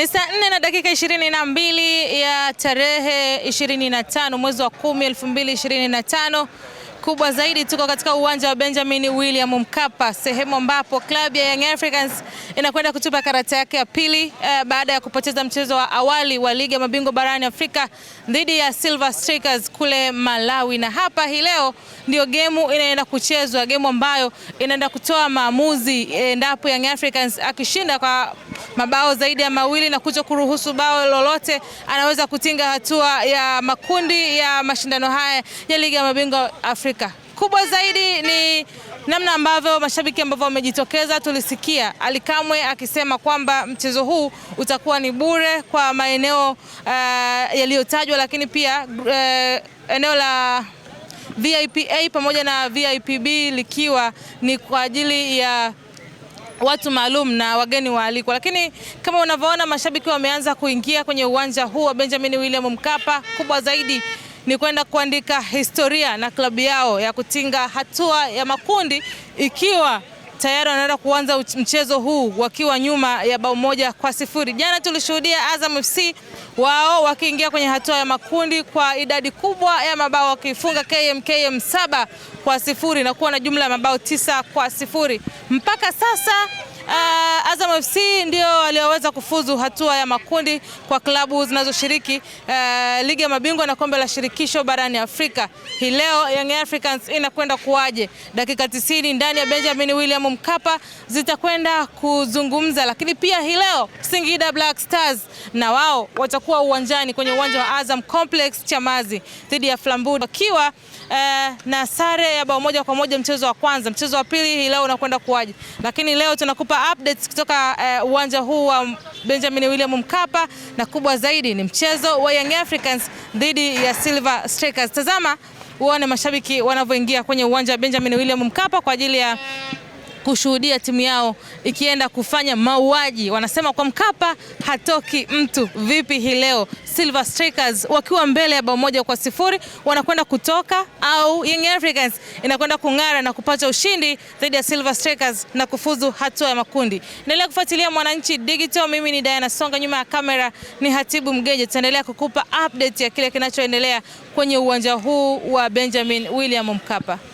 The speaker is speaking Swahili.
Ni saa 4 na dakika 22 ya tarehe 25 mwezi wa 10 2025 kubwa zaidi, tuko katika uwanja wa Benjamin William Mkapa, sehemu ambapo klabu ya Young Africans inakwenda kutupa karata yake ya pili eh, baada ya kupoteza mchezo wa awali wa ligi ya mabingwa barani Afrika dhidi ya Silver Strikers kule Malawi, na hapa hii leo ndio gemu inaenda kuchezwa, gemu ambayo inaenda kutoa maamuzi endapo eh, Young Africans akishinda kwa mabao zaidi ya mawili na kuto kuruhusu bao lolote, anaweza kutinga hatua ya makundi ya mashindano haya ya ligi ya mabingwa Afrika Afrika. Kubwa zaidi ni namna ambavyo mashabiki ambavyo wamejitokeza. Tulisikia Ally Kamwe akisema kwamba mchezo huu utakuwa ni bure kwa maeneo uh, yaliyotajwa, lakini pia uh, eneo la VIP A pamoja na VIP B likiwa ni kwa ajili ya watu maalum na wageni waalikwa. Lakini kama unavyoona, mashabiki wameanza kuingia kwenye uwanja huu wa Benjamin William Mkapa. Kubwa zaidi ni kwenda kuandika historia na klabu yao ya kutinga hatua ya makundi ikiwa tayari wanaenda kuanza mchezo huu wakiwa nyuma ya bao moja kwa sifuri. Jana tulishuhudia Azam FC wao wakiingia kwenye hatua ya makundi kwa idadi kubwa ya mabao wakifunga KMKM saba kwa sifuri na kuwa na jumla ya mabao tisa kwa sifuri mpaka sasa uh, Azam FC ndio walioweza kufuzu hatua ya makundi kwa klabu zinazoshiriki uh, ligi ya mabingwa na kombe la shirikisho barani Afrika. Hii leo Young Africans inakwenda kuwaje? Dakika 90 ndani ya Benjamin William Mkapa zitakwenda kuzungumza, lakini pia hii leo Singida Black Stars na wao watakuwa uwanjani kwenye uwanja wa Azam Complex Chamazi dhidi ya Flambu wakiwa uh, na sare ya bao moja kwa moja mchezo wa kwanza. Mchezo wa pili hii leo unakwenda kuwaje? Lakini leo tunakupa updates kutoka eh, uwanja uh, huu wa Benjamin William Mkapa, na kubwa zaidi ni mchezo wa Young Africans dhidi ya Silver Strikers. Tazama uone mashabiki wanavyoingia kwenye uwanja wa Benjamin William Mkapa kwa ajili ya kushuhudia timu yao ikienda kufanya mauaji. Wanasema kwa Mkapa hatoki mtu. Vipi hii leo Silver Strikers wakiwa mbele ya bao moja kwa sifuri wanakwenda kutoka au Young Africans inakwenda kung'ara na kupata ushindi dhidi ya Silver Strikers na kufuzu hatua ya makundi. Endelea kufuatilia Mwananchi Digital. Mimi ni Diana Songa, nyuma ya kamera ni Hatibu Mgeje. Tutaendelea kukupa update ya kile kinachoendelea kwenye uwanja huu wa Benjamin William Mkapa.